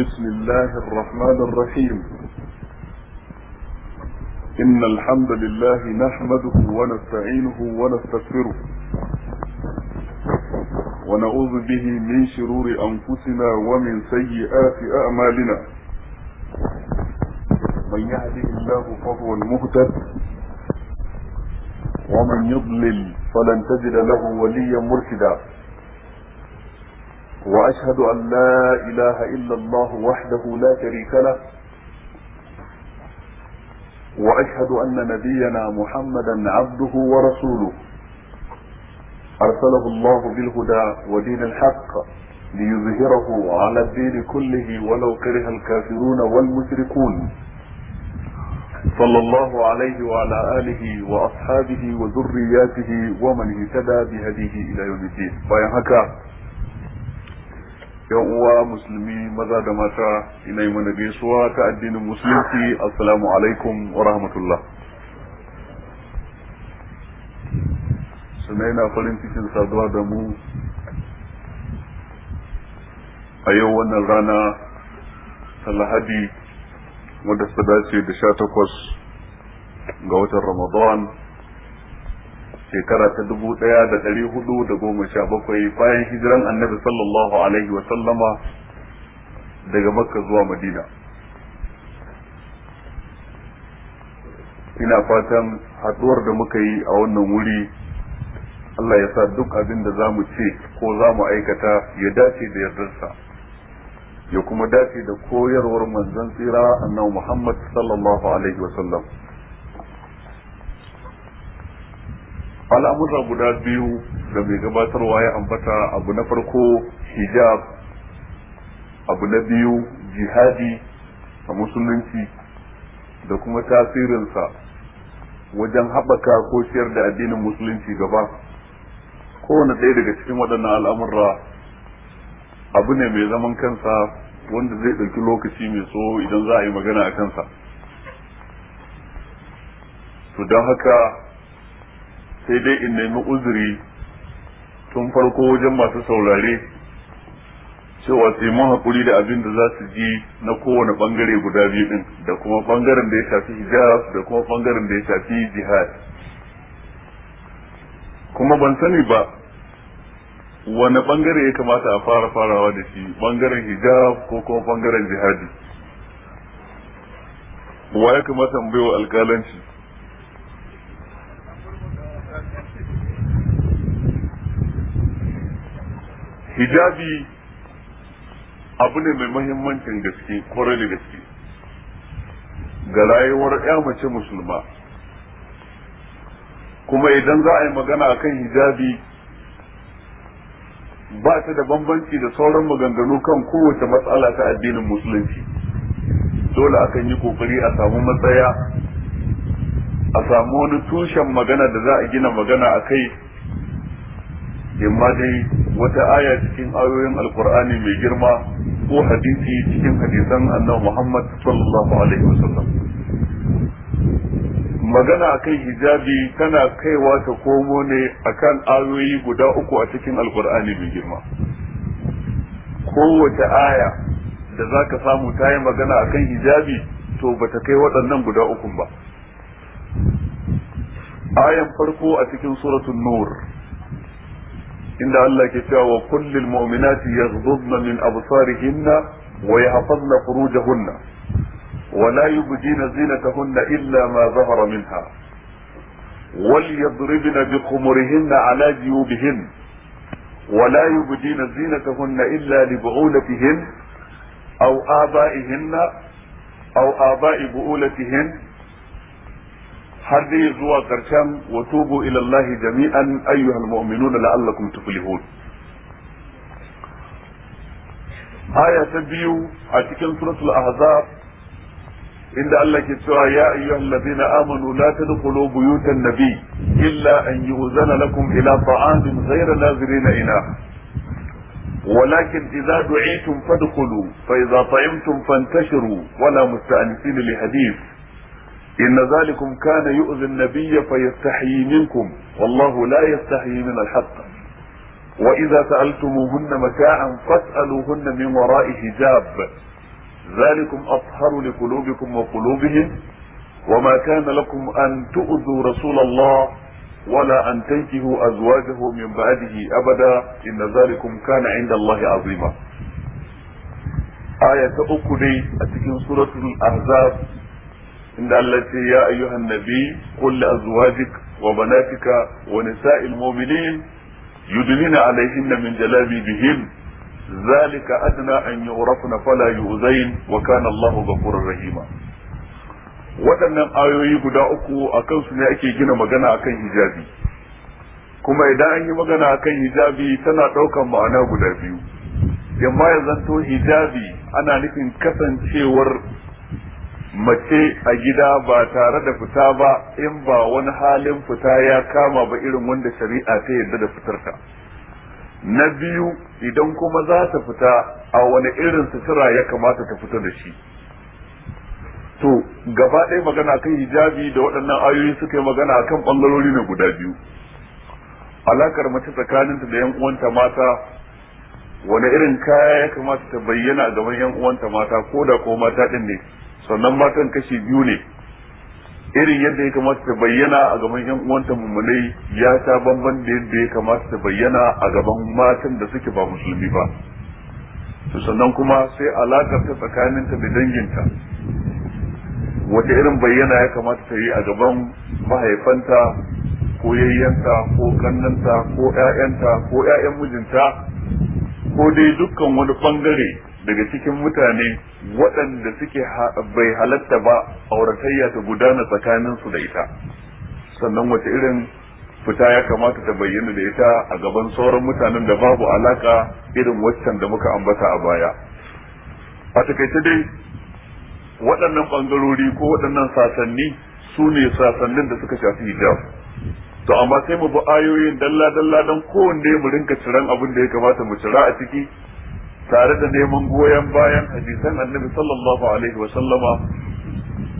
بسم الله الرحمن الرحيم إن الحمد لله نحمده ونستعينه ونستغفره ونعوذ به من شرور أنفسنا ومن سيئات أعمالنا من يهده الله فهو المهتد ومن يضلل فلن تجد له وليا مرشدا واشهد ان لا اله الا الله وحده لا شريك له واشهد ان نبينا محمدا عبده ورسوله ارسله الله بالهدى ودين الحق ليظهره على الدين كله ولو كره الكافرون والمشركون صلى الله عليه وعلى آله وأصحابه وذرياته ومن اهتدى بهديه إلى يوم الدين. yan uwa musulmi maza da mata ina yi mana gaisuwa ta addinin musulunci assalamu alaikum wa rahmatullah Sunaina farin cikin saduwa da mu a yau wannan rana ta lahadi wadda ta dace da sha takwas ga watan ramadan shekara ta dubu ɗaya da ɗari hudu da goma sha bakwai bayan hijiran annabi sallallahu alaihi wa sallama daga makka zuwa madina ina fatan haɗuwar da muka yi a wannan wuri Allah ya sa duk abin da za mu ce ko za mu aikata ya dace da yardarsa ya kuma dace da koyarwar manzon tsira annabi Muhammad sallallahu alaihi wa sallam al'amura guda biyu da mai gabatarwa ya ambata abu na farko hijab abu na biyu jihadi a musulunci da kuma tasirinsa wajen haɓaka ko ciyar da addinin musulunci gaba kowane ɗaya daga cikin waɗannan al'amurra abu ne mai zaman kansa wanda zai ɗauki lokaci mai so idan za a yi magana a kansa to don haka sai dai in nemi uzuri tun farko wajen masu saurare cewa sai mun haƙuri da abin da za su ji na kowane ɓangare guda biyu ɗin da kuma ɓangaren da ya shafi hijab da kuma ɓangaren da ya shafi jihad kuma ban sani ba wani ɓangare ya kamata a fara farawa da shi ɓangaren hijab ko kuma ɓangaren jihadi wa ya kamata mu baiwa alƙalanci hijabi abu ne mai mahimmancin gaske kwarai da gaske ga rayuwar ya mace musulma kuma idan za a yi magana akan hijabi ba ta da bambanci da sauran maganganu kan kowace matsala ta addinin musulunci dole akan yi kokari a samu matsaya a samu wani tushen magana da za a gina magana a kai in ma dai wata aya cikin ayoyin alkur'ani mai girma ko hadisi cikin hadisan annabi Muhammad sallallahu alaihi wasallam magana akan hijabi tana kaiwa ta komo ne akan ayoyi guda uku a cikin alkur'ani mai girma kowace aya da za ka samu ta yi magana akan hijabi to ba ta kai waɗannan guda ukun ba ayan farko a cikin suratul nur إن الله كتاب وكل المؤمنات يغضضن من أبصارهن ويحفظن فروجهن ولا يبدين زينتهن إلا ما ظهر منها وليضربن بخمرهن على جيوبهن ولا يبدين زينتهن إلا لبعولتهن أو آبائهن أو آباء بؤولتهن هذه زوا كرشم وتوبوا الى الله جميعا ايها المؤمنون لعلكم تفلحون آية تبيو أتكلم سورة الأحزاب إن الله يتوى يا أيها الذين آمنوا لا تدخلوا بيوت النبي إلا أن يؤذن لكم إلى طعام غير ناظرين إنا ولكن إذا دعيتم فادخلوا فإذا طعمتم فانتشروا ولا مستأنسين لحديث إن ذلكم كان يؤذي النبي فيستحيي منكم والله لا يستحيي من الحق وإذا سألتموهن متاعا فاسألوهن من وراء حجاب ذلكم أطهر لقلوبكم وقلوبهم وما كان لكم أن تؤذوا رسول الله ولا أن تنكهوا أزواجه من بعده أبدا إن ذلكم كان عند الله عظيما آية أكدي أتكن سورة الأحزاب inda Allah ce ya ayyuhan nabi qul li azwajik wa banatika wa nisa'il mu'minin yudnina alayhinna min jalabibihin zalika adna an yu'rafna fala yu'zain wa kana Allahu ghafurur rahima waɗannan ayoyi guda uku a kansu ne ake gina magana akan hijabi kuma idan an yi magana akan hijabi tana ɗaukan ma'ana guda biyu yamma ya hijabi ana nufin kasancewar mace a gida ba tare da fita ba in ba wani halin fita ya kama ba irin wanda shari'a ta yarda da fitarta na biyu idan kuma za ta fita a wani irin sutura ya kamata ta fita da shi to gaba ɗaya magana kan hijabi da waɗannan ayoyi suka yi magana a kan ɓangarori na guda biyu alakar mace tsakaninta da yan uwanta mata wani irin kaya ya kamata ta bayyana a gaban yan uwanta mata ko da ko mata ɗin ne sannan matan kashi biyu ne irin yadda ya kamata ta bayyana a gaban yan uwanta mummunai ya ta bamban da yadda ya kamata ta bayyana a gaban matan da suke ba musulmi ba to sannan kuma sai alakar ta tsakaninta da danginta wata irin bayyana ya kamata ta yi a gaban mahaifanta ko yayyanta ko kannanta ko ƴaƴanta ko ƴaƴan mijinta ko dai dukkan wani bangare daga cikin mutane waɗanda suke bai halatta ba auratayya ta gudana tsakaninsu da ita sannan wata irin fita ya kamata ta bayyana da ita a gaban sauran mutanen da babu alaka irin waccan da muka ambata a baya a takaice dai waɗannan bangarori ko waɗannan sasanni su ne sasannin da suka shafi hijab to amma sai mu bi ayoyin dalla dalla dan kowanne mu rinka ciran abin da ya kamata mu cira a ciki tare da neman goyon bayan hadisan annabi sallallahu alaihi wa sallama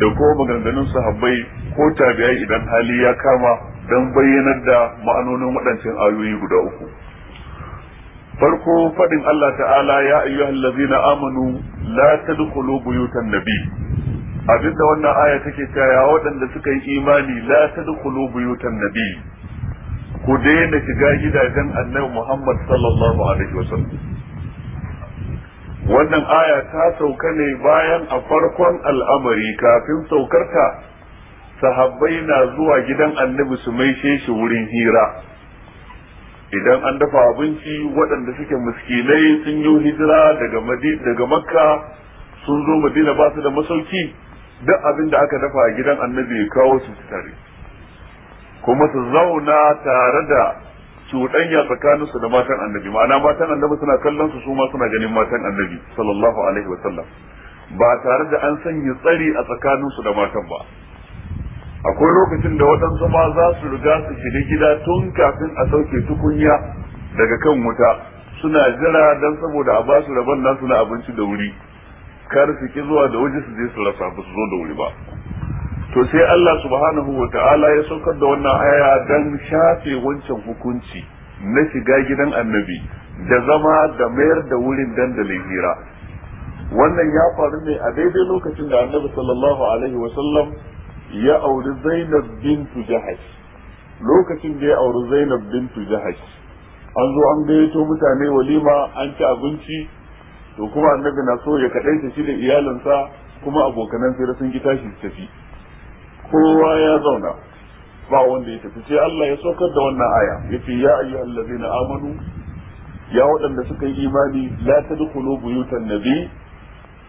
da ko maganganun sahabbai ko tabi'ai idan hali ya kama dan bayyanar da ma'anonin waɗancan ayoyi guda uku farko fadin Allah ta'ala ya ayyuhallazina amanu la tadkhulu buyutan nabi abinda wannan aya take cewa waɗanda suka yi imani la tadkhulu buyutan nabi ku daina shiga gidajen annabi Muhammad sallallahu alaihi wannan aya ta sauka ne bayan a farkon al'amari kafin saukarta sahabbai na zuwa gidan annabi su maishe shi wurin hira idan an dafa abinci waɗanda suke miskinai sun yi hijira daga daga makka sun zo madina ba su da masauki duk abin da aka dafa a gidan annabi ya kawo su tare kuma su zauna tare da cuɗanya tsakanin su da matan annabi ma'ana matan annabi suna kallon su su ma suna ganin matan annabi sallallahu alaihi wa sallam ba tare da an sanya tsari a tsakanin su da matan ba akwai lokacin da waɗansu ma za su riga su shiga gida tun kafin a sauke tukunya daga kan wuta suna jira dan saboda a ba su rabon nasu na abinci da wuri kar su ki zuwa da waje su je su rasa ba su zo da wuri ba to sai Allah subhanahu wa ta'ala ya saukar da wannan aya dan shafe wancan hukunci na shiga gidan annabi da zama da mayar da wurin dandalin hira wannan ya faru ne a daidai lokacin da annabi sallallahu alaihi wa sallam ya auri Zainab bintu Jahash lokacin da ya auri Zainab bintu Jahash an zo an gayyato mutane walima an ci abinci to kuma annabi na so ya kaɗai shi da iyalinsa kuma abokanan fira sun ki tashi tafi kowa ya zauna ba wanda ya tafi sai Allah ya saukar da wannan aya yace ya ayyuhal na amanu ya waɗanda suka yi imani la tadkhulu buyutan nabi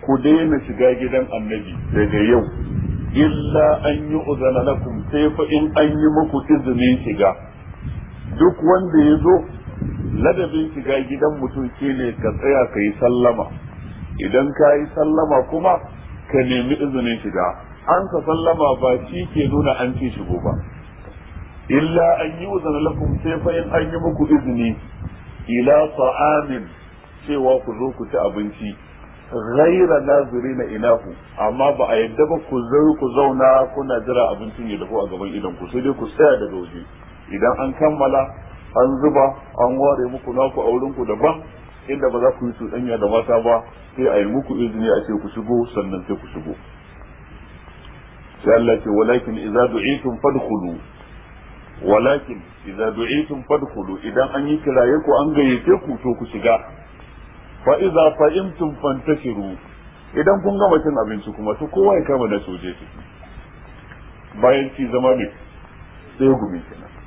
ku daina shiga gidan annabi daga yau illa an yi lakum sai fa in an yi muku izinin shiga duk wanda ya zo ladabin shiga gidan mutum ne ka tsaya ka yi sallama idan ka yi sallama kuma ka nemi izinin shiga an ka sallama ba shi ke nuna an ce shigo ba illa an yi uzana lakum sai fa in an yi muku izini ila sa'amin cewa ku zo ku ci abinci ghaira ina ku. amma ba a yadda ba ku zo ku zauna kuna jira abincin ya dafu a gaban idan ku sai dai ku tsaya daga waje idan an kammala an zuba an ware muku naku a wurin ku daban inda ba za ku yi cuɗanya da mata ba sai a yi muku izini a ce ku shigo sannan sai ku shigo sai ce walakin idza du'itum fadkhulu walakin idza idan an yi kiraye ku an gayyace ku to ku shiga fa idza fa'imtum fantashiru idan kun gama cin abinci kuma to kowa ya kama da soje ciki bayan ci zama ne sai gumi kenan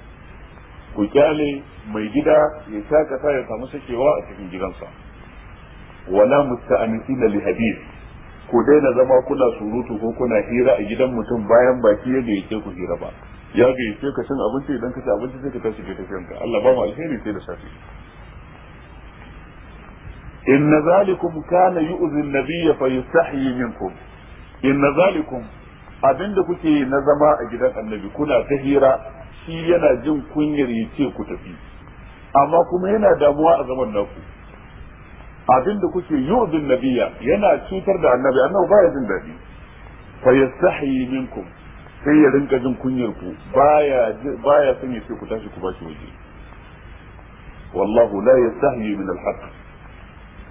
ku kyale mai gida ya shakata ya samu sakewa a cikin gidansa wala musta'anisin li hadith ku daina zama kuna surutu ko kuna hira a gidan mutum bayan baki ya ke ku hira ba ya gayyace ka cin abinci idan ka ci abinci sai ka tashi ka tafi ka Allah ba mu alheri sai da safi inna zalikum kana yu'zi an-nabiyya fa yastahi minkum inna zalikum Abin da kuke na zama a gidan annabi kuna ta hira shi yana jin kunyar ya ce ku tafi amma kuma yana damuwa a zaman naku abinda kuke yu'zin nabiya yana cutar da annabi annabi baya jin daɗi fa yastahi minkum sai ya rinka jin kunyar ku baya baya son ya ce ku tashi ku bashi waje wallahu la yastahi min al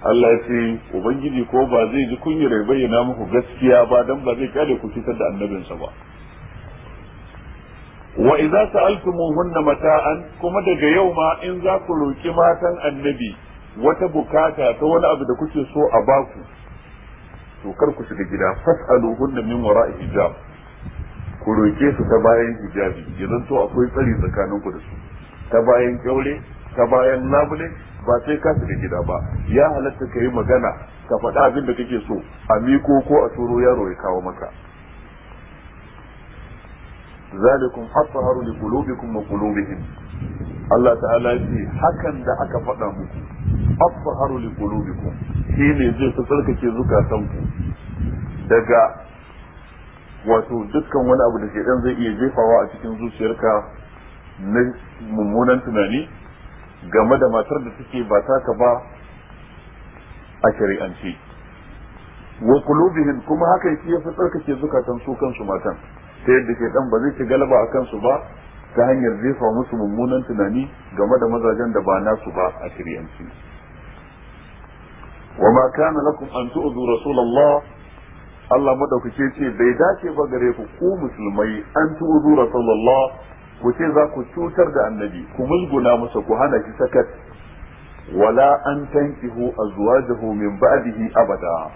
Allah ya ce ubangiji ko ba zai ji kunyar ya bayyana muku gaskiya ba dan ba zai kare ku cutar da annabinsa ba wa idza hunna mata'an kuma daga yau ma in za ku roki matan annabi wata bukata ta wani abu da kuke so a baku to kar ku shiga gida hunna min wara'i hijab ku roke su ta bayan hijabi yanzu to akwai tsari tsakaninku da su ta bayan kyaure ta bayan labule ba sai ka shiga gida ba ya halatta ka yi magana ka faɗa abin da kake so a miko ko a turo yaro ya kawo maka zalikum hasaharu li qulubikum wa qulubihim Allah ta'ala ce hakan da aka faɗa muku hasaharu li qulubikum shi ne zai tsarkake ku. daga wato dukkan wani abu da ke zai iya jefawa a cikin zuciyarka na mummunan tunani game da matar da take ba taka ba a shari'ance wa qulubihim kuma haka yake ya tsarkake zukatan su kansu matan ta yadda ke dan ba zai ci galaba a kansu ba ta hanyar jefa musu mummunan tunani game da mazajen da ba nasu ba a shari'ance wa ma kana lakum an tu'zu rasulullah Allah madaukake ce bai dace ba gare ku ku musulmai an tu'zu rasulullah ku ce za ku cutar da annabi ku musguna masa ku hana shi sakat wala an tankihu azwajahu min ba'dihi abada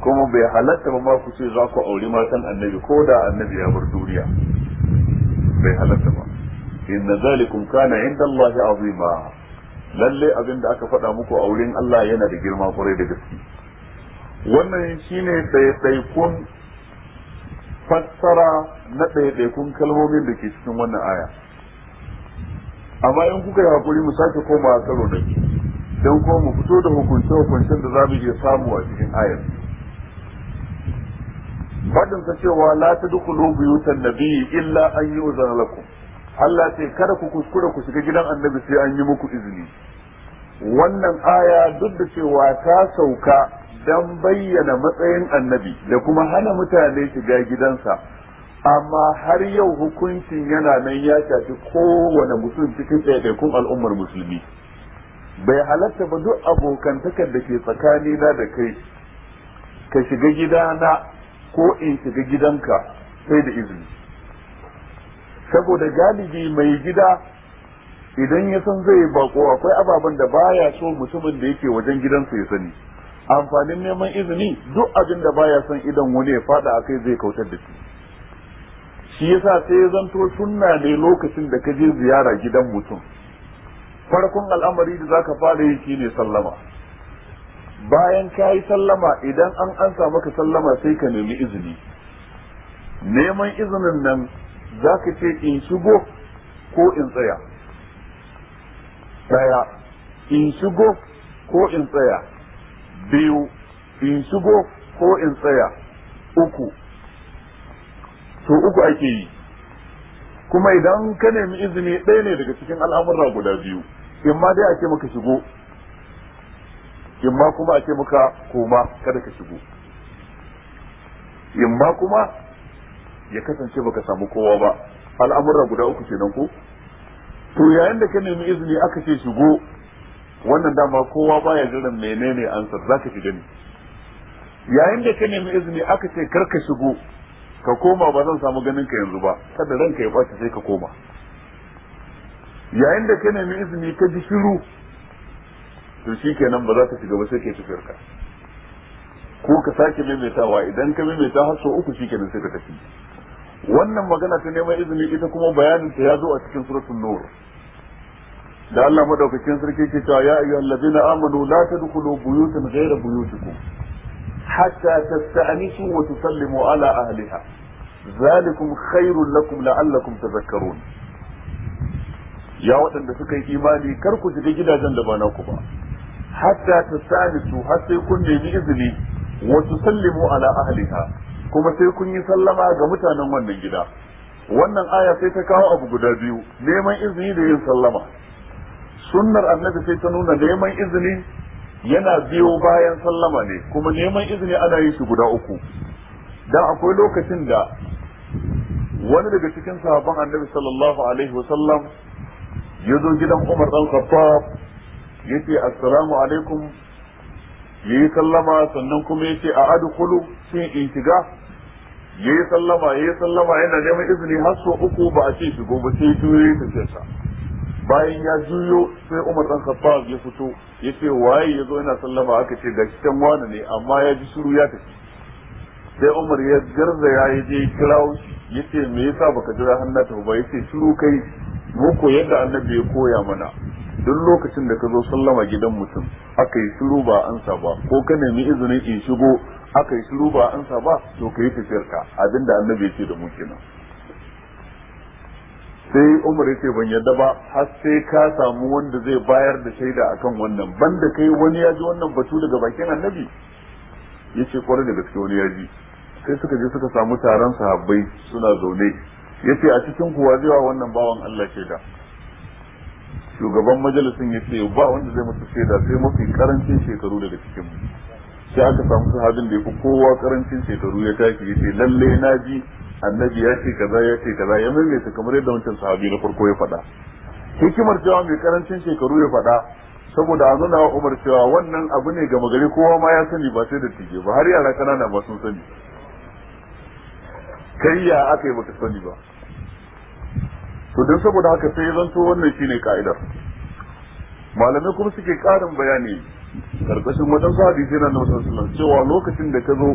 kuma bai halatta ba ma ku ce za ku auri matan annabi ko da annabi ya bar duniya bai halatta ba inna zalikum kana inda Allah azima lalle abin da aka faɗa muku a wurin Allah yana da girma kwarai da gaske wannan shine sai sai kun fassara na ɗaiɗaikun kalmomin da ke cikin wannan aya amma in kuka yi hakuri mu sake koma karo da ke don kuma mu fito da hukunce hukuncen da za mu iya samu a cikin ayar Baɗin ta cewa la tadkhulu na nabiyyi illa an yu'zana lakum Allah ce kada ku kuskura ku shiga gidan annabi sai an yi muku izini wannan aya duk da cewa ta sauka don bayyana matsayin annabi da kuma hana mutane shiga gidansa amma har yau hukuncin yana nan ya shafi kowane mutum cikin ɗaiɗaikun al'ummar musulmi bai halatta ba duk abokantakar da ke tsakanina da kai ka shiga gidana ko in shiga gidanka sai da izini saboda galibi mai gida idan ya san zai bako akwai ababen da baya so mutumin da yake wajen gidansa ya sani amfanin neman izini duk abin da baya son idan wani ya fada a kai zai kautar da shi shi yasa sai ya zanto sunna ne lokacin da ka je ziyara gidan mutum farkon al'amari da zaka fara yi shine sallama bayan ka yi sallama idan an ansa maka sallama sai ka nemi izini neman izinin nan zaka ce in shigo ko in tsaya tsaya in shigo ko in tsaya biyu in shigo ko in tsaya uku to uku ake yi kuma idan ka nemi izini ɗaya ne daga cikin al'amurra guda biyu in ma dai ake maka shigo in ma kuma ake maka koma kada ka shigo in ma kuma ya kasance baka samu kowa ba al'amurra guda uku nan ko to yayin da ka nemi izini aka ce shigo wannan dama kowa baya jiran menene ansar zaka fi gani? yayin da ka nemi izini aka ce kar ka shigo ka koma ba zan samu ganin ka yanzu ba kada ranka ya ɓaci sai ka koma yayin da ka nemi izini ka ji shiru to shikenan ba za ka shiga ba sai ka tafi ka ko ka sake maimaitawa idan ka maimaita har sau uku shikenan sai ka tafi wannan magana ta neman izini ita kuma bayanin ta ya zo a cikin suratul nur da Allah madaukakin sarki ke cewa ya ayyuhal ladina amanu la tadkhulu buyutan ghayra buyutikum hatta tasta'nisu wa tusallimu ala ahliha zalikum khairul lakum la'allakum tadhakkarun ya waɗanda suka yi imani kar ku shiga gidajen da ba naku ba hatta tasta'nisu har sai kun nemi izini wa tusallimu ala ahliha kuma sai kun yi sallama ga mutanen wannan gida wannan aya sai ta kawo abu guda biyu neman izini da yin sallama sunnar annabi sai ta nuna neman izini yana biyo bayan sallama ne kuma neman izini ana yin shi guda uku dan akwai lokacin da wani daga cikin sahabban annabi sallallahu alaihi wasallam ya zo gidan umar dan khattab ya ce assalamu alaikum ya yi sallama sannan kuma ya ce a adukulu shin in shiga ya yi sallama ya yi sallama yana neman izini har sau uku ba a ce shigo ba sai ya yi tafiyarsa bayan ya juyo sai Umar dan Khattab ya fito yace waye yazo yana sallama aka ce ga can wani ne amma ya ji shiru ya tafi sai Umar ya garza ya je ya yace me yasa baka jira Hanna ta ba ba yace shiru kai mu yadda annabi ya koya mana duk lokacin da ka zo sallama gidan mutum aka yi shiru ba ansa ba ko ka nemi izinin in shigo aka yi shiru ba ansa ba to ka yi tafiyarka abinda annabi ya ce da mu kenan sai umar ya ce ban yadda ba har sai ka samu wanda zai bayar da shaida akan wannan banda kai wani ya ji wannan batu daga bakin annabi ya ce kwarai da gaske wani ya ji sai suka je suka samu taron sahabbai suna zaune ya ce a cikin kuwa zai wa wannan bawan Allah shaida shugaban majalisin ya ce ba wanda zai mutu shaida sai mafi karancin shekaru daga cikin sai aka samu sahabin da ya fi kowa karancin shekaru ya tashi ya ce lalle na ji annabi ya ce kaza ya ce kaza ya maimaita kamar yadda wancan sahabi na farko ya faɗa hikimar cewa mai karancin shekaru ya faɗa saboda a nuna wa umar cewa wannan abu ne ga magari kowa ma ya sani ba sai da tije ba har yara kanana ba sun sani kai ya aka yi baka sani ba to don saboda haka sai zanto wannan shine ka'idar malamai kuma suke karin bayani karkashin wajen hadisi na nasarar cewa lokacin da ka zo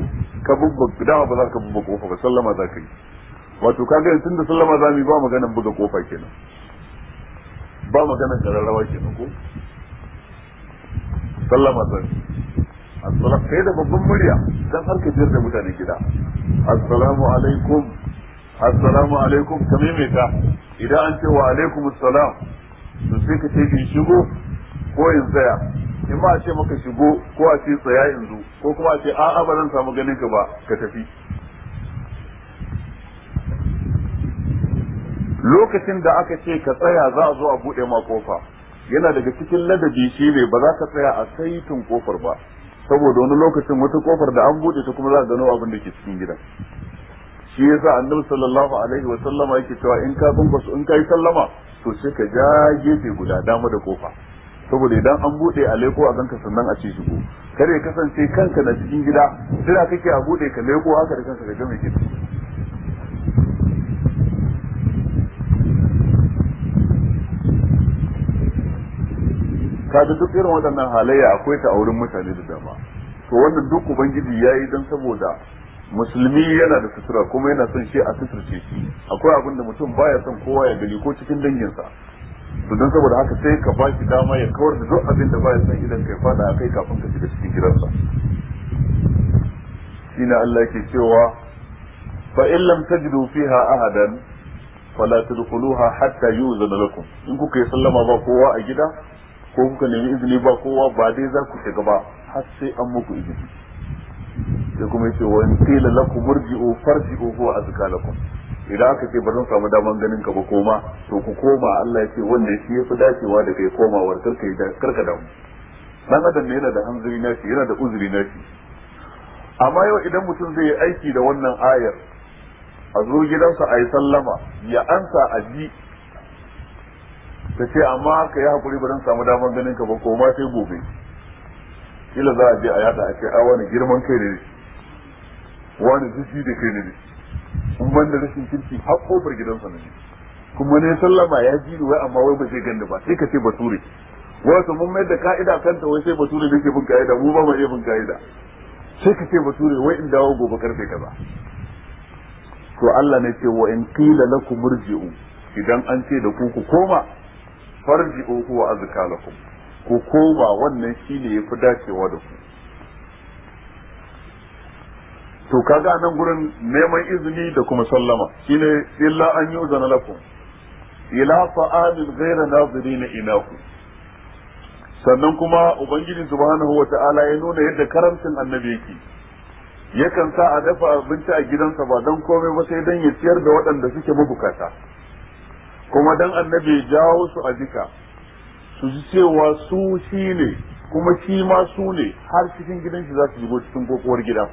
ka bubba dama ba za ka bubba kofa ba sallama za ka yi wato ka ga tunda sallama za mu yi ba maganan buga kofa kenan ba maganan kararrawa kenan ko sallama za ka assalamu kai da babban murya dan har ka jira da mutane gida assalamu alaikum assalamu alaikum ka idan an ce wa alaikum assalam to sai ka ce ki shigo ko in tsaya in ma a ce maka shigo ko a ce tsaya yanzu ko kuma a ce a'a ba zan samu ganin ka ba ka tafi lokacin da aka ce ka tsaya za a zo a buɗe ma kofa yana daga cikin ladabi shi ne ba za ka tsaya a saitin kofar ba saboda wani lokacin wata kofar da an bude ta kuma za a gano abin da ke cikin gidan shi yasa annabi sallallahu alaihi wa sallama yake cewa in ka kunkus in kai sallama to sai ka ja gefe guda dama da kofa saboda idan an bude a leko a ganka sannan a ce shigo kare kasance kanka na cikin gida sira kake a bude ka leko haka da kanka ga mai Ka kaga duk irin waɗannan halayya akwai ta a wurin mutane da dama to wannan duk ubangiji yayi dan saboda musulmi yana da sutura kuma yana son shi a suturce shi akwai abin da mutum baya son kowa ya gani ko cikin danginsa to don saboda haka sai ka ba shi dama ya kawar da duk abin da ba ya san idan kai fada kai kafin ka shiga cikin gidansa shine Allah yake cewa fa in lam tajidu fiha ahadan fala tadkhuluha hatta yu'zana lakum in kuka yi sallama ba kowa a gida ko kuka nemi izini ba kowa ba dai za ku shiga ba har sai an muku izini sai kuma yace wa in qila lakum murji'u farji'u huwa azka lakum idan aka ce ba zan samu daman ganin ka ba koma to ku koma Allah ya ce wanda shi yafi dacewa da kai komawar da yi karka damu dan adam ne yana da hanzari na shi yana da uzuri na shi amma yau idan mutum zai yi aiki da wannan ayar a zo gidansa a yi sallama ya ansa a ji ta ce amma ka yi hakuri ba zan samu daman ganin ka ba koma sai gobe kila za a je a yada a ce a wani girman kai ne wani zuci da kai ne in ban da rashin kirki har kofar gidansa ne kuma ne sallama ya ji wai amma wai ba zai ganda ba sai ka ce bature wato mun mai da ka'ida kanta wai sai bature da ke bin ka'ida mu ba mu iya bin ka'ida sai ka ce bature wai in dawo gobe karfe kaza to Allah ne ce wa in qila lakum murji'u idan an ce da ku ku koma farji'u huwa azka lakum ku koma wannan shine yafi dacewa da ku to kaga nan gurin neman izini da kuma sallama shine illa an yi uzana lakum ila fa'alin ghayra nazirin inaku sannan kuma ubangiji subhanahu wata'ala ya nuna yadda karamcin annabi yake yakan sa a dafa abinci a gidansa ba dan komai ba sai dan ya ciyar da waɗanda suke mabukata kuma dan annabi ya jawo su a jika su ji cewa su shi ne kuma shi ma su ne har cikin gidan shi za su shigo cikin kokowar gida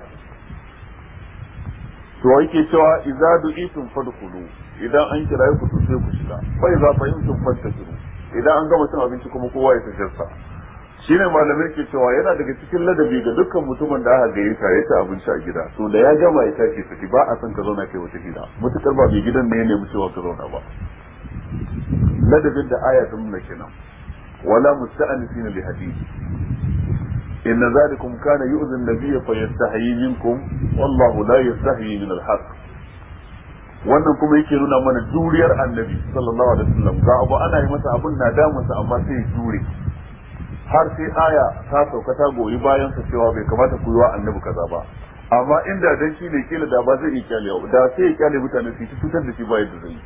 to ke cewa idza du'itum fadkhulu idan an kira ku to sai ku shiga fa idza fahimtum fantashiru idan an gama cin abinci kuma kowa ya shi shine malamai ke cewa yana daga cikin ladabi ga dukkan mutumin da aka gayyace ta yace abinci a gida to da ya gama ya tafi fiti ba a san ka zauna kai wata gida mutukar ba mai gidan ne ya nemi cewa ka zauna ba ladabin da aya ta nuna kenan wala musta'anisina bi hadisi inna zalikum كان يؤذي النبي nabiyya منكم والله لا wallahu من الحق min al wannan kuma yake nuna mana juriyar annabi sallallahu alaihi wasallam ga abu ana yi masa abun na masa amma sai ya jure har sai aya ta sauka ta goyi bayan sa cewa bai kamata ku yi wa annabi kaza ba amma inda dan shi ne kila da ba zai iya kyale da sai ya kyale mutane su ci cutar da shi ba da zai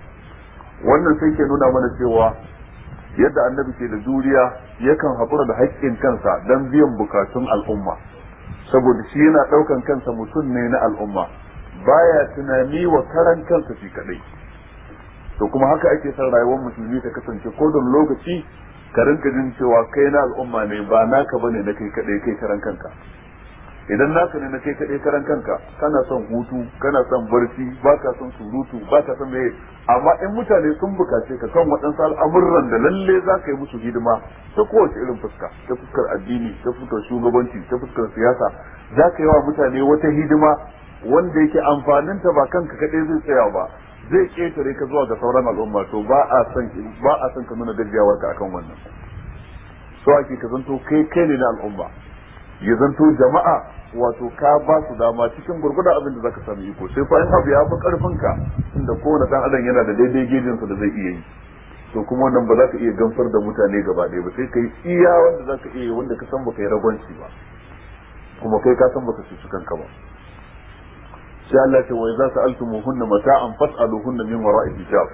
wannan sai ke nuna mana cewa yadda annabi ke da juriya yakan haƙura da haƙƙin kansa don biyan bukatun al'umma saboda shi yana ɗaukan kansa mutum ne na al'umma baya tunani wa karan kansa shi kaɗai to kuma haka ake son rayuwar musulmi ta kasance ko don lokaci ka rinka jin cewa kai na al'umma ne ba naka bane na kai kaɗai kai karan kanka idan naka ne na kai kaɗai karan kanka kana son hutu kana son barci ba ka son surutu ba ka son meye amma in mutane sun bukace ka kan waɗansu al'amuran da lalle za ka yi musu hidima ta kowace irin fuska ta fuskar addini ta fuskar shugabanci ta fuskar siyasa za ka yi wa mutane wata hidima wanda yake amfaninta ba kanka kaɗai zai tsaya ba zai ƙetare ka zuwa ga sauran al'umma to ba a son ba a son ka nuna ka akan wannan so ake ka zanto kai kai ne na al'umma ya zanto jama'a wato ka ba su dama cikin gurgurda abin da zaka sami iko sai fa'in abu ya fi karfin ka inda kowane dan adam yana da daidai gejin sa da zai iya yi to kuma wannan ba za ka iya gamsar da mutane gaba ɗaya ba sai kai iya wanda za ka iya wanda ka san baka yi ragwanci ba kuma kai ka san baka cuci kanka ba sai Allah ce wa mata sa'altumuhunna mata'an fas'aluhunna min wara'i hijab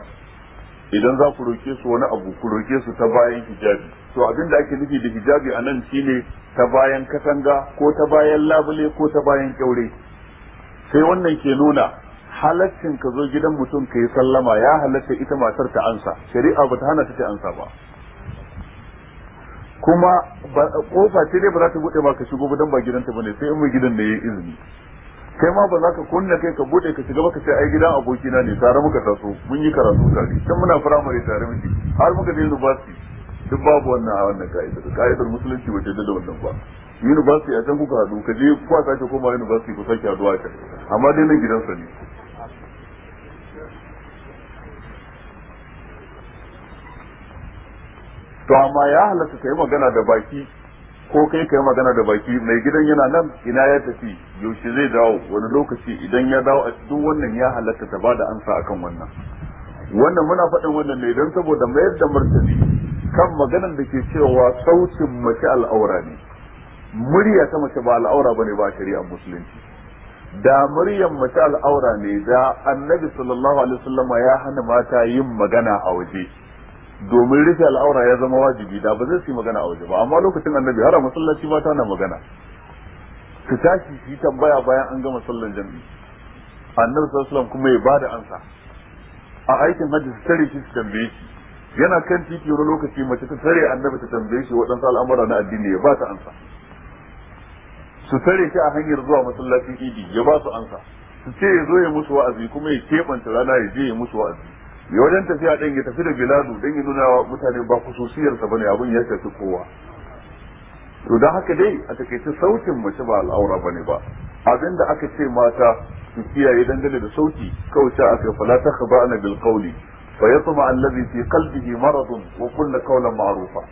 idan za ku roke su wani abu ku roke su ta bayan hijabi to abin da ake nufi da hijabi a nan shine ta bayan katanga ko ta bayan labule ko ta bayan kyaure sai wannan ke nuna halaccin ka zo gidan mutum ka yi sallama ya halatta ita matar ta ansa shari'a ba ta hana ta ta ansa ba kuma kofa ce dai ba za ta bude ba ka shigo gidan ba gidanta bane sai in mai gidan da ya izini kai ma ba za ka kunna kai ka bude ka shiga ba ka ce ai gidan abokina ne tare muka taso mun yi karatu tare can muna firamare tare muke har muka je university duk babu wannan a wannan ka'ida ka'idar musulunci ba da wannan ba university a can kuka haɗu ka je kwa sake koma university ku sake haɗuwa can amma dai nan gidansa ne to amma ya halatta ka yi magana da baki ko kai kai magana da baki mai gidan yana nan ina ya tafi yaushe zai dawo wani lokaci idan ya dawo a duk wannan ya halatta ta bada ansa akan wannan wannan muna faɗin wannan ne don saboda mayar da martani kan maganar da ke cewa sautin mace al'aura ne murya ta mace ba al'aura bane ba shari'ar musulunci da muryar mace al'aura ne da annabi sallallahu alaihi wasallam ya hana mata yin magana a waje domin rufe al'aura ya zama wajibi da ba zai su magana a waje ba amma lokacin annabi har a masallaci ba na magana su tashi su yi tambaya bayan an gama sallan jami'i annabi sallallahu kuma ya bada ansa a aikin hajji su tare shi su tambaye shi yana kan titi wani lokaci mace ta tare annabi ta tambaye shi waɗansu al'amura na addini ya ba ta ansa su tare shi a hanyar zuwa masallacin idi ya ba su ansa su ce ya zo ya musu wa'azi kuma ya keɓanta rana ya je ya musu wa'azi ya wajen tafiya ɗin ya tafi da biladu ɗin ya nuna mutane ba kususiyarsa bane abin ya tafi kowa to da haka dai a takaice sautin mace ba al'aura bane ba abinda aka ce mata su kiyaye dangane da sauti kawai sai aka fala ta khaba'na bil qawli fa yatma allazi fi qalbihi maradun wa kullu qawlan ma'rufa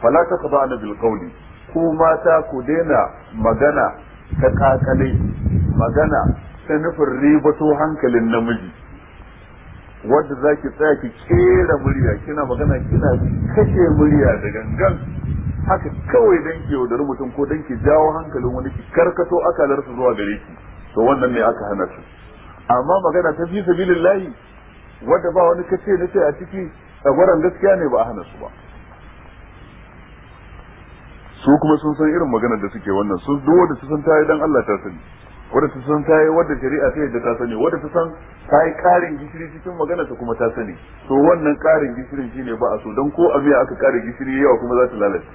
fala ta khaba'na bil qawli ku mata ku daina magana ta kakale magana ta nufin ribato hankalin namiji wadda za ki tsaya ki kera murya kina magana kina kashe murya da gangan haka kawai dan ki yaudari rubutun ko dan ki jawo hankalin wani ki karkato akalarsa zuwa gare ki to wannan ne aka hana su amma magana ta fi sabilillahi wadda ba wani kace nace a ciki tsagoran gaskiya ne ba a hana su ba su kuma sun san irin maganar da suke wannan sun duk wanda su san tayi dan Allah ta sani wadda ta san ta yi wadda shari'a ta yadda ta sani wadda ta san ta yi ƙarin gishiri cikin magana ta kuma ta sani to wannan ƙarin gishirin shine ba a so don ko abiya aka ƙare gishiri yawa kuma za ta lalace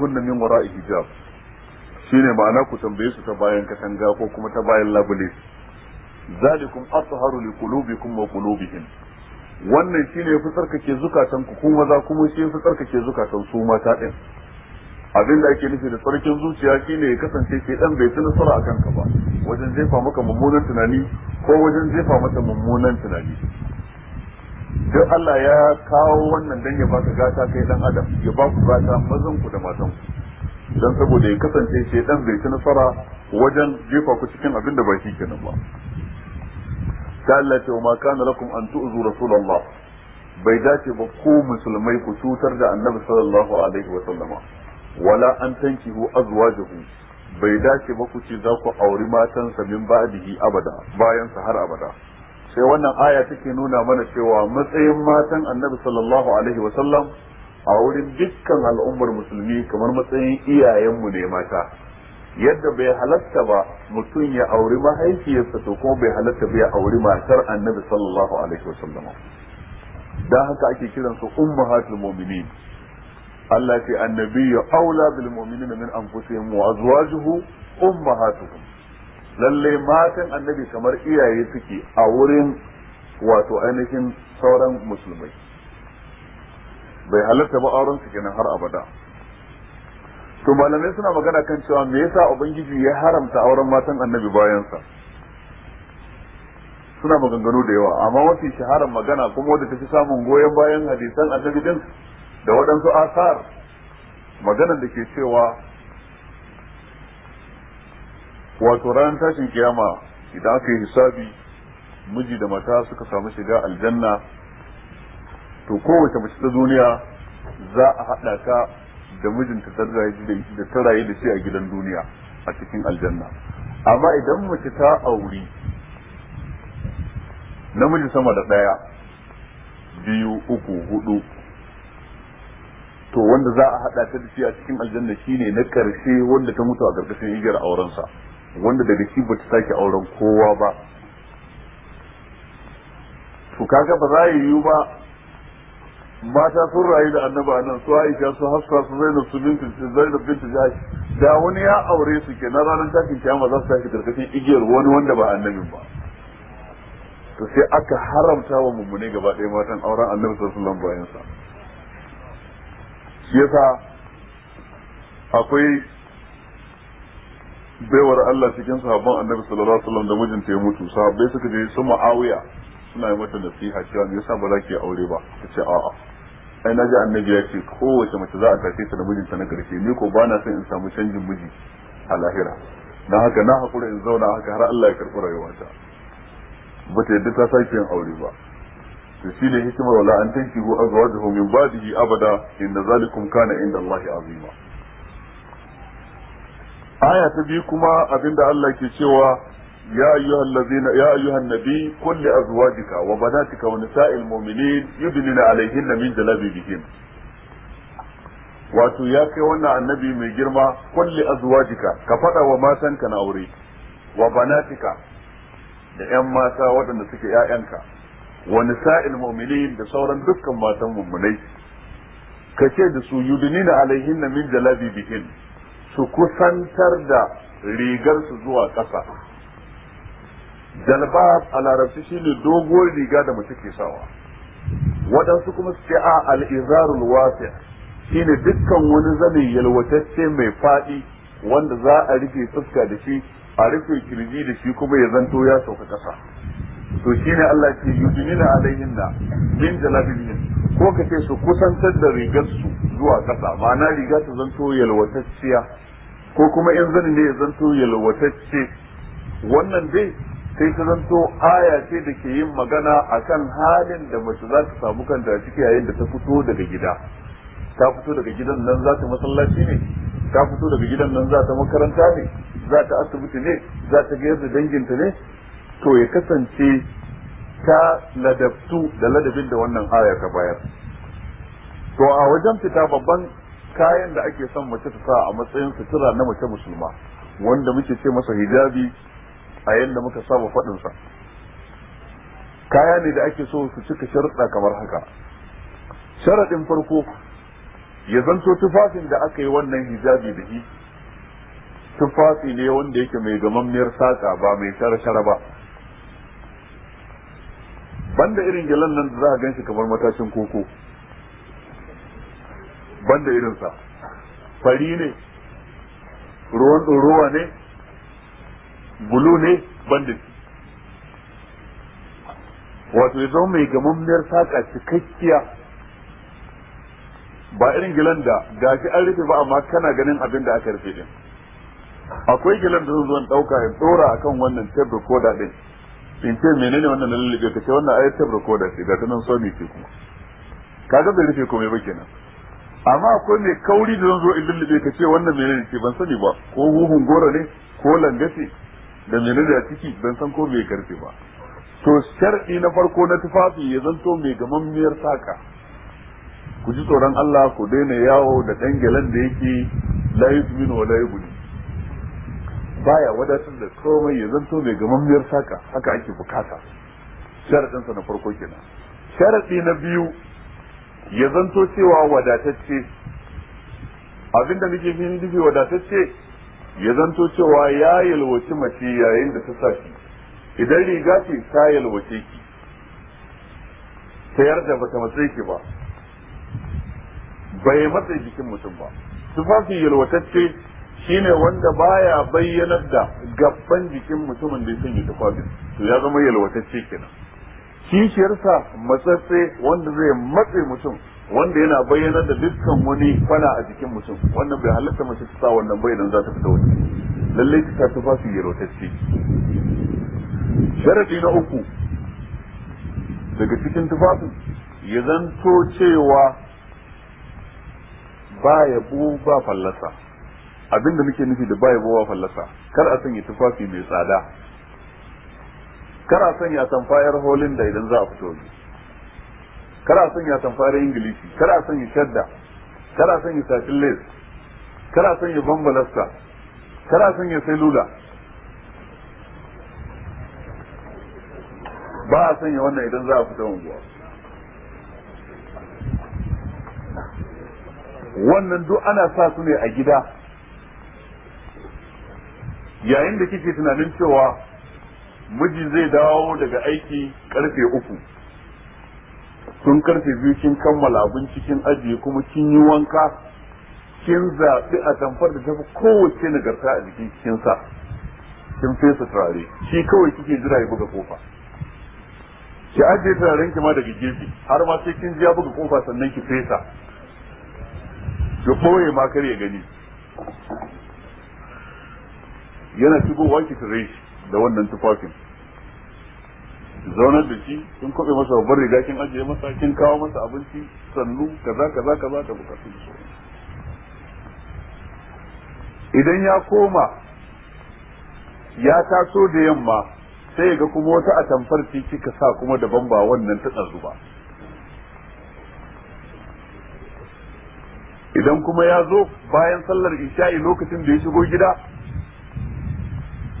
hunna min wara'i hijab shine ma'ana ku tambaye su ta bayan katanga ko kuma ta bayan labule zalikum atharu liqulubikum wa qulubihim wannan shine ya fi tsarkake zukatan ku kuma za kuma shi ya fi tsarkake zukatan su mata din abin da ake nufi da sarkin zuciya shine ya kasance ke dan bai ci nasara akan ka ba wajen jefa maka mummunan tunani ko wajen jefa mata mummunan tunani duk Allah ya kawo wannan dan ya baka gata kai dan adam ya baku gata mazan ku da matan ku dan saboda ya kasance ke dan bai ci nasara wajen jefa ku cikin abin da ba shi kenan ba ta Allah ce wa ma kana lakum an tu'zu rasulullah bai dace ba ku musulmai ku cutar da annabi sallallahu alaihi wa sallama wala an tankihu azwajahu bai dace ba ku ce za ku auri matansa min ba'dihi abada bayan sa har abada sai wannan aya take nuna mana cewa matsayin matan annabi sallallahu alaihi wasallam a wurin dukkan al'ummar musulmi kamar matsayin iyayenmu ne mata yadda bai halatta ba mutum ya auri mahaifiyarsa to ko bai halatta ba ya auri matar annabi sallallahu alaihi wasallam dan haka ake kiransu ummahatul mu'minin Allah ya ce annabi ya aula bil mu'minina min anfusihim wa azwajuhu ummahatuhum lalle matan annabi kamar iyaye suke a wurin wato ainihin sauran musulmai bai halatta ba auren su kenan har abada to malamai suna magana kan cewa me yasa ubangiji ya haramta auren matan annabi bayansa suna maganganu da yawa amma mafi shaharar magana kuma wadda ta fi samun goyon bayan hadisan annabi din da waɗansu asar maganar da ke cewa wato ranar tashin kiyama idan aka yi hisabi miji da mata suka samu shiga aljanna to kowace mace ta duniya za a haɗa ta da mijinta da ta rayu da shi a gidan duniya a cikin aljanna amma idan mace ta auri namiji sama da ɗaya biyu uku hudu to wanda za a hada ta da shi a cikin aljanna shine na karshe wanda ta mutu a karkashin igiyar aurensa wanda daga shi bata sake auren kowa ba to kaga ba za yiwu ba mata sun rayu da annaba nan su Aisha su Hafsa su Zainab su bintu Zainab bintu da wani ya aure su na ranar takin kiyama za su tashi karkashin igiyar wani wanda ba annabin ba to sai aka haramta wa mummune gaba ɗaya matan auren annabi sallallahu alaihi wasallam yasa akwai baiwar Allah cikin sahabban annabi sallallahu alaihi wasallam da mijinta ya mutu sahabbai suka je su ma'awiya suna yi mata nasiha cewa me yasa ba za ki aure ba ta ce a'a ai naji annabi ya ce kowace mace za a tafi ta da mijinta na karshe ni ko ba na son in samu canjin miji a lahira na haka na hakura in zauna haka har Allah ya karɓi rayuwata bata yadda ta sake yin aure ba to shi ne hikimar wala an tankihu azwajahu min ba'dihi abada inda zalikum kana inda Allah azima aya ta biyu kuma abinda Allah ke cewa يا أيها الذين يا أيها النبي قل لأزواجك وبناتك ونساء المؤمنين يدلن عليهن من جلابيبهن wato ya kai wannan annabi mai girma kulli azwajika ka faɗawa wa matanka na aure wa banatika da 'yan mata waɗanda suke 'ya'yanka wa nisa'il mu'minin da sauran dukkan matan mummunai kace da su Yudinina alaihinna min jalabi bihin su kusantar da rigar su zuwa ƙasa jalba a larabci ne dogon riga da mace ke sawa waɗansu kuma suke a al'izarul wasi shine dukkan wani zanin yalwatacce mai faɗi wanda za a rufe fuska da shi a rufe kirji da shi kuma ya zanto ya sauka ƙasa to shi ne Allah ke yudinina da min jalabiliyin ko ka ce su kusantar da rigarsu zuwa kasa ma'ana riga ta zanto yalwatacciya ko kuma in zani ne ya zanto yalwatacce wannan dai sai ta zanto aya ce da ke yin magana a kan halin da mace za ta samu kanta ciki yayin da ta fito daga gida ta fito daga gidan nan za ta masallaci ne ta fito daga gidan nan za ta makaranta ne za ta asibiti ne za ta ga yadda danginta ne to ya kasance ta ladabtu da ladabin da wannan aya ta bayar to a wajen fita babban kayan da ake son mace ta sa a matsayin sutura na mace musulma wanda muke ce masa hijabi a yadda muka saba faɗinsa kaya ne da ake so su cika sharuɗa kamar haka sharaɗin farko ya zanto tufafin da aka yi wannan hijabi da shi tufafi ne wanda yake mai gamammiyar saƙa ba mai shara-shara ba banda irin gilan nan da za a gan shi kamar matashin koko banda irinsa fari ne ruwan ruwa ne bulu ne banda shi wato ya zama mai gamammiyar saƙa cikakkiya ba irin gilan da gashi an rufe ba amma kana ganin abin da aka rufe din akwai gilan da zan ɗauka ya ɗora akan wannan tebur ko daɗin in ce menene wannan na lullube ka ce wannan ko da ce ga tanan sony ce kuma kaga bai rufe komai ba kenan amma akwai mai kauri da zan zo in lullube ka ce wannan menene ce ban sani ba ko huhun gora ne ko langace da menene a ciki ban san ko mai karfe ba to shar'i na farko na tufafi ya zanto mai miyar saka ku ji tsoron Allah ku daina yawo da dangalan da yake la yuzminu wa la yubni baya wadatar da komai ya zanto mai gamammiyar saka haka ake bukata sharadinsa na farko kenan sharadi na biyu ya zanto cewa wadatacce abinda muke fi nufi wadatacce ya zanto cewa ya yalwaci mace yayin da ta sashi idan riga ce ta yalwace ki yarda da bata matsayi ki ba bai matsayi jikin mutum ba tufafi yalwatacce shine wanda baya bayyanar da gaban jikin mutumin da ya sanya tufafin to ya zama yalwatacce kenan kishiyarsa matsatse wanda zai matse mutum wanda yana bayyanar da dukkan wani kwana a jikin mutum wannan bai halatta mace ta sa wannan bayanan za ta fita waje lalle ta sa tufafi yalwatacce sharadi na uku daga cikin tufafi ya zanto cewa ba yabo ba fallasa abinda muke nufi da bai bawa fallasa kar a sanya tufafi mai tsada kar a sanya tamfayar holin da idan za a fito ne kar a sanya tamfayar ingilishi kar a sanya shadda kar a sanya satin lace kar a sanya bambalasta kar a sanya selula ba a sanya wannan idan za a fita unguwa wannan duk ana sa su ne a gida yayin da kike tunanin cewa miji zai dawo daga aiki karfe uku sun karfe biyu kin kammala abinci kin ajiye kuma kin yi wanka kin zaɓi a tamfar da tafi kowace nagarta a jikin kin sa kin fesa turare shi kawai kike jira ya buga kofa ki ajiye turaren ki ma daga gefe har ma sai kin ji ya buga kofa sannan ki fesa ki ɓoye ma kar gani yana shigowa ki tare shi da wannan tufafin zaunar da shi kin kwabe masa babbar riga kin ajiye masa kin kawo masa abinci sannu kaza kaza kaza da bukatu idan ya koma ya taso da yamma sai ga kuma wata atamfar tamfarci kika sa kuma daban ba wannan ta ba idan kuma ya zo bayan sallar isha'i lokacin da ya shigo gida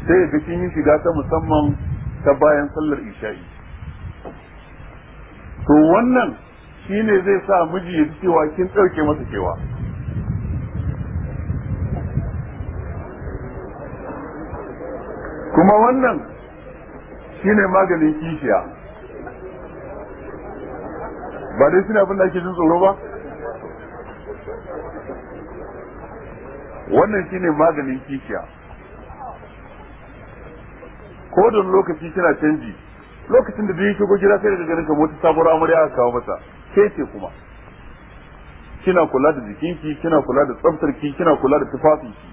sai ga sun yi shiga ta musamman ta bayan sallar isha'i to wannan shine zai sa miji ya cewa kin ɗauke masa cewa kuma wannan shine maganin kishiya ba dai suna abin da ake jin tsoro ba wannan shine maganin kishiya ko da lokaci kina canji lokacin da biyu shigo gida sai daga ganin ka mota sabuwar amarya aka kawo masa ke ce kuma kina kula da jikinki kina kula da tsaftarki kina kula da tufafinki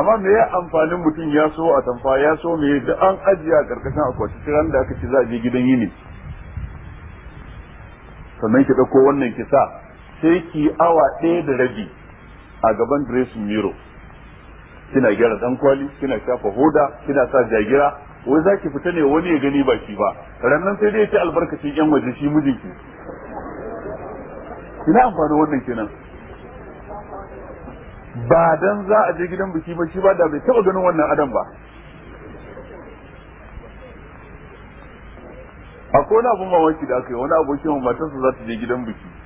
amma me ya amfanin mutum ya so a tamfa ya so me da an ajiya karkashin akwati tiran da aka ce za a je gidan yini sannan ki dauko wannan ki sa sai ki awa ɗaya da rabi a gaban dressing mirror kina gyara dan kwali kina shafa hoda kina sa jagira wai za ki fita ne wani ya gani ba shi ba rannan sai dai ta albarkacin yan waje shi mijinki ina amfani wannan kenan ba dan za a je gidan biki ba shi ba da bai taba ganin wannan adam ba akwai wani abun mamaki da aka yi wani abokin matarsa za ta je gidan biki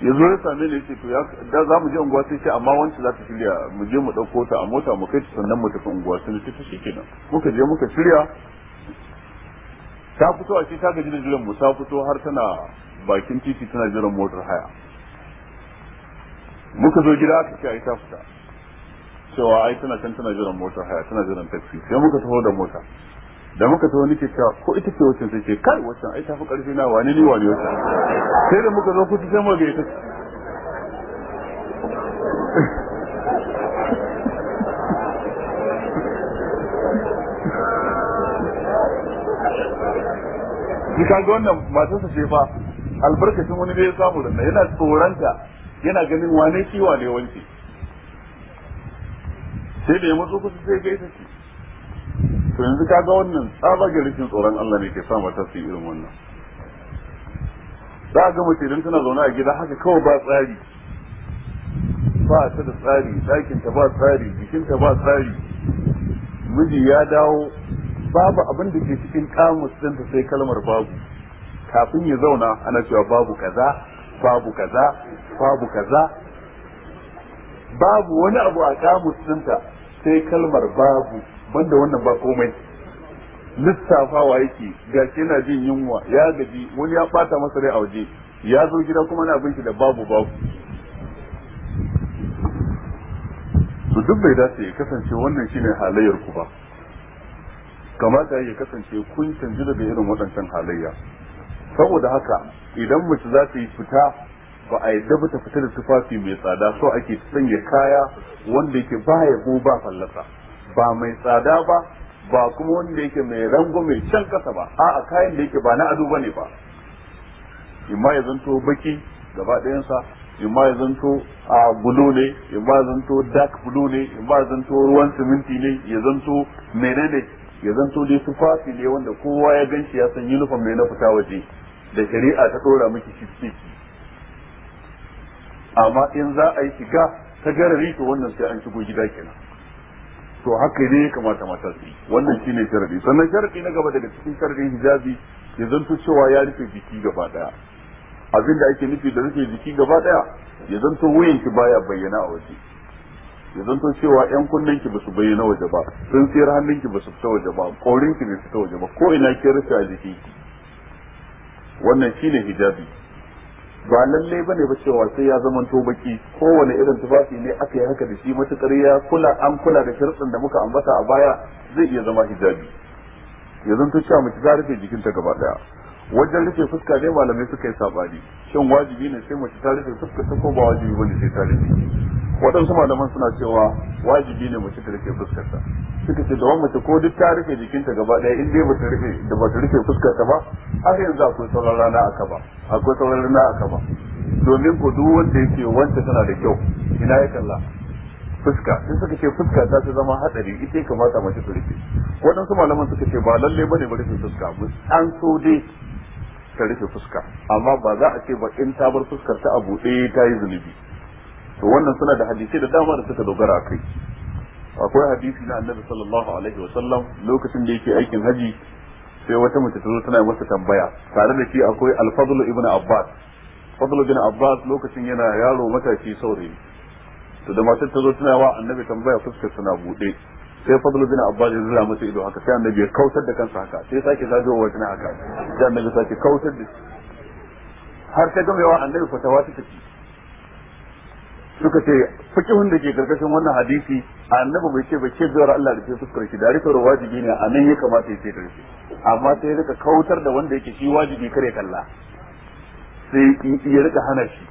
Yanzu ya same ni yace to ya da za mu je unguwa sai ce amma wancan za ta shirya mu je mu ɗauko ta a mota mu kai ta sannan mu tafi unguwa sun ce ta shikenan muka je muka shirya ta fito a ce ta gaji da jiran mu ta fito har tana bakin titi tana jiran motar haya muka zo gida aka ce ai ta fita cewa ai tana can tana jiran motar haya tana jiran taxi sai muka taho da mota da muka so nake cewa ko ita ce wacce sai ce kai wacce ai tafi karfi na wani ne wani wacce sai da muka zo ku sai mu ga ita Ki ka ga wannan su ce fa albarkacin wani ne ya samu da yana tsoranta yana ganin wane kiwa ne wanci sai da ya matso kusa sai ita ce to yanzu ka ga wannan tsabagen rikin tsoron Allah ne ke sa ta su irin wannan za a ga mace idan tana zaune a gida haka kawai ba tsari ba ta da tsari ɗakinta ba tsari jikinta ba tsari miji ya dawo babu abin da ke cikin kamus ɗinta sai kalmar babu kafin ya zauna ana cewa babu kaza babu kaza babu kaza babu wani abu a kamus ɗinta sai kalmar babu banda wannan ba komai lissafawa yake ga yana jin yunwa ya gaji wani ya bata masa rai a waje ya zo gida kuma na abinci da babu babu Su duk bai dace ya kasance wannan shine halayyar ku ba kamata ya kasance kun canji da irin waɗancan halayya saboda haka idan mace za ta yi fita ba a yadda ba ta fita da tufafi mai tsada so ake sanya kaya wanda yake ba ko ba fallasa ba mai tsada ba ba kuma wanda yake mai rango mai can kasa ba a'a kayan da yake ba na ado bane ba imma ya zanto baki gaba ɗayansa imma ya zanto a bulu ne imma ya zanto dark bulu ne imma ya zanto ruwan siminti ne ya zanto menene ya zanto dai tufafi ne wanda kowa ya ganshi ya san uniform mai na fita waje da shari'a ta dora miki shi amma in za a yi shiga ta garari to wannan sai an shigo gida kenan to haka ne kamata mata su wannan shi ne sharadi sannan sharadi na gaba daga cikin sharadin hijabi ya zanto cewa ya rufe jiki gaba daya abin da ake nufi da rufe jiki gaba daya ya zanto ki baya bayyana a waje ya zanto cewa yan kunnen ki basu bayyana waje ba sun siyar hannun ki basu fita waje ba korin ki bai fita waje ba ko ina ki rufe a jiki wannan shi ne hijabi ba lalle ne ba cewa sai ya zama to baki kowane irin tufafi ne aka yi haka da shi matukar ya kula an kula da sharɗin da muka ambata a baya zai iya zama hijabi ya zanto cewa mace ta rufe jikinta gaba daya wajen rufe fuska ne malamai suka yi sabani shin wajibi ne sai mace ta rufe fuska ta ko ba wajibi ne sai ta rufe waɗansu malaman suna cewa wajibi ne mace ta rufe fuskarta suka ce da mace ko duk ta rufe jikinta gaba ɗaya in dai bata rufe da bata rufe fuskar ba har yanzu akwai sauran rana a kaba akwai sauran rana a kaba domin ko duk wanda yake wanda tana da kyau ina ya kalla fuska sai suka ce fuska ta ta zama hadari ita ya kamata mace ta rufe waɗansu malaman suka ce ba lalle bane ba rufe fuska an so dai ta rufe fuska amma ba za a ce ba in ta bar fuskar ta a buɗe ta yi zunubi to wannan suna da hadisi da dama da suka dogara a kai akwai hadisi na annabi sallallahu alaihi wasallam lokacin da yake aikin haji sai wata mace ta zo tana masa tambaya tare da shi akwai al-fadl ibn abbas fadl ibn abbas lokacin yana yaro matashi saurayi to da matar ta zo tana wa annabi tambaya fuskar suna bude sai fadl bin abbas ya zura masa ido haka sai annabi ya kautar da kansa haka sai sake zajo wa tana haka sai annabi sake kautar da shi. har ta gama yawa annabi fatawa ta tafi suka ce fikihun da ke karkashin wannan hadisi annaba bai ce bai ce zuwa Allah da ke fuskar shi da rikar wajibi ne a nan ya kamata ya ce da shi amma sai rika kautar da wanda yake shi wajibi kare kalla sai ya rika hana shi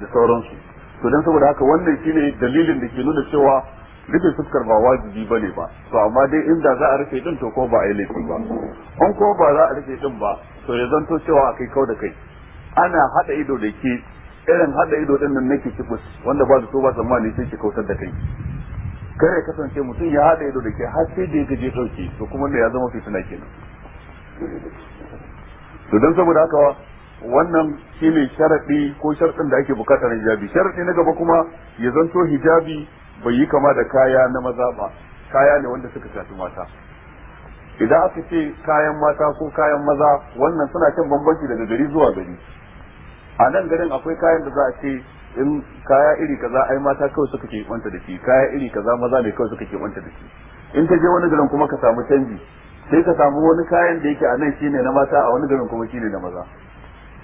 da sauransu to dan saboda haka wannan shine dalilin da ke nuna cewa rufe fuskar ba wajibi bane ba to amma dai inda za a rufe din to ko ba a yi laifi ba an ko ba za a rike din ba to ya zanto cewa akai kau da kai ana hada ido da ke irin hada ido din nan nake kifus wanda ba zato ba tsammani sai ki kautar da kai kar ya kasance mutum ya hada ido da ke har sai da ya gaje sauki to kuma da ya zama fitina kenan to dan saboda haka wannan shine sharadi ko sharadin da ake bukatar hijabi sharadi na gaba kuma ya zanto hijabi bai yi kama da kaya na maza ba kaya ne wanda suka shafi mata idan aka ce kayan mata ko kayan maza wannan suna kan bambanci daga gari zuwa gari a nan garin akwai kayan da za a ce in kaya iri kaza ai mata kawai suka ke wanta da shi kaya iri kaza maza ne kawai suka ke wanta da shi in ka je wani garin kuma ka samu canji sai ka samu wani kayan da yake a nan shine na mata a wani garin kuma shine na maza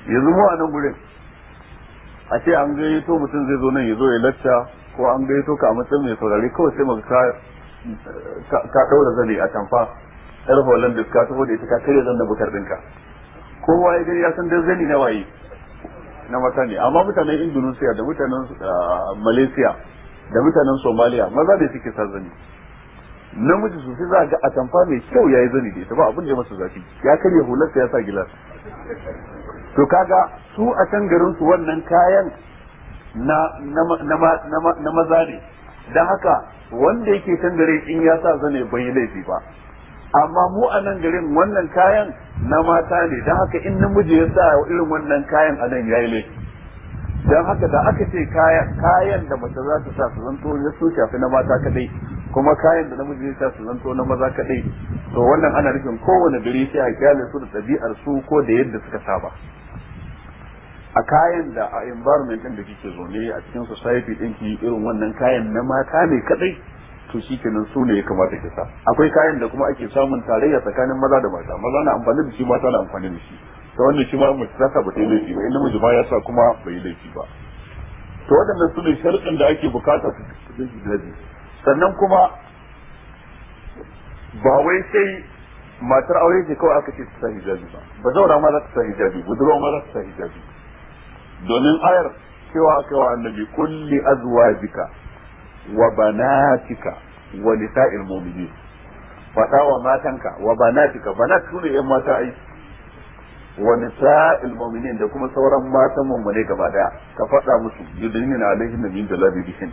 yanzu mu a nan gurin a ce an gayyato mutum zai zo nan ya zo ya lacca ko an gayyato ka a mai saurare kawai sai maka ka ka daura zane a tamfa yar holandis ka tafi da ita ka karya zan da bukar dinka kowa ya gani ya san dan zani na waye na mata ne amma mutanen indonesia da mutanen ah, malaysia da mutanen somalia maza da suke sa zani namiji sosai za a ga atamfa mai kyau ya yi zani da ita ba abin da masa zafi ya karya hularsa ya sa gilas to kaga su a can garin su wannan kayan na maza ne don haka wanda yake can gare in ya sa zane bai laifi ba amma mu a nan garin wannan kayan na mata ne don haka in namiji ya sa irin wannan kayan a nan ya yi laifi don haka da aka ce kayan da mace za ta sa su zanto ya so shafi na mata kadai kuma kayan da namiji ya sa su zanto na maza kadai to wannan ana nufin kowane gari sai a kyale su da ɗabi'ar su ko da yadda suka saba a kayan da a environment din da kike zaune a cikin society din ki irin wannan kayan na mata ne kadai to shi kenan su ne ya kamata ki sa akwai kayan da kuma ake samun tarayya tsakanin maza da mata maza na amfani da shi mata na amfani da shi ta wannan shi ma mace ta sa ba ta yi laifi ba inda miji ma ya sa kuma bai yi laifi ba to waɗannan su ne sharɗin da ake bukata su cikin hijabi sannan kuma ba wai sai matar aure ce kawai aka ce ta sa hijabi ba ba zaura ma za ta sa hijabi budurwa ma za ta sa hijabi domin ayar cewa aka wa annabi kulli azwajika wa banatika wa nisa'il mu'minin faɗa wa matanka wa banatika banat sune yan mata ai wa nisa'il mu'minin da kuma sauran matan mummune gaba ɗaya ka faɗa musu yudinin alaihin nabiyyin da labibihin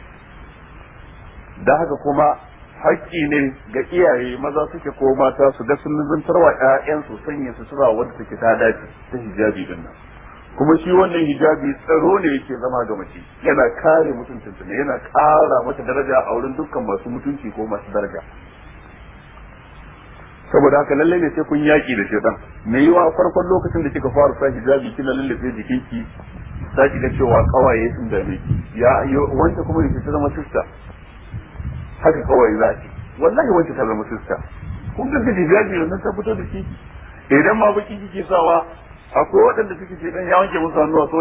da haka kuma haƙƙi ne ga iyaye maza suke ko mata su ga sun tarwa ƴaƴansu sanya su sura wadda take ta dace ta hijabi din nan kuma shi wannan hijabi tsaro ne yake zama ga mace yana kare mutuncinta ne yana kara mata daraja a wurin dukkan masu mutunci ko masu daraja saboda haka lalle ne sai kun yaki da shedan me yiwa farkon lokacin da kika fara sa hijabi kina sai jikinki za ki cewa kawaye sun dame ki ya wanda kuma yake ta zama sista haka kawai za ki wallahi wanda ta zama sista kun ga hijabi wannan ta fito da ki idan ma baki kike sawa akwai waɗanda suke ce dan ya wanke musu hannuwa so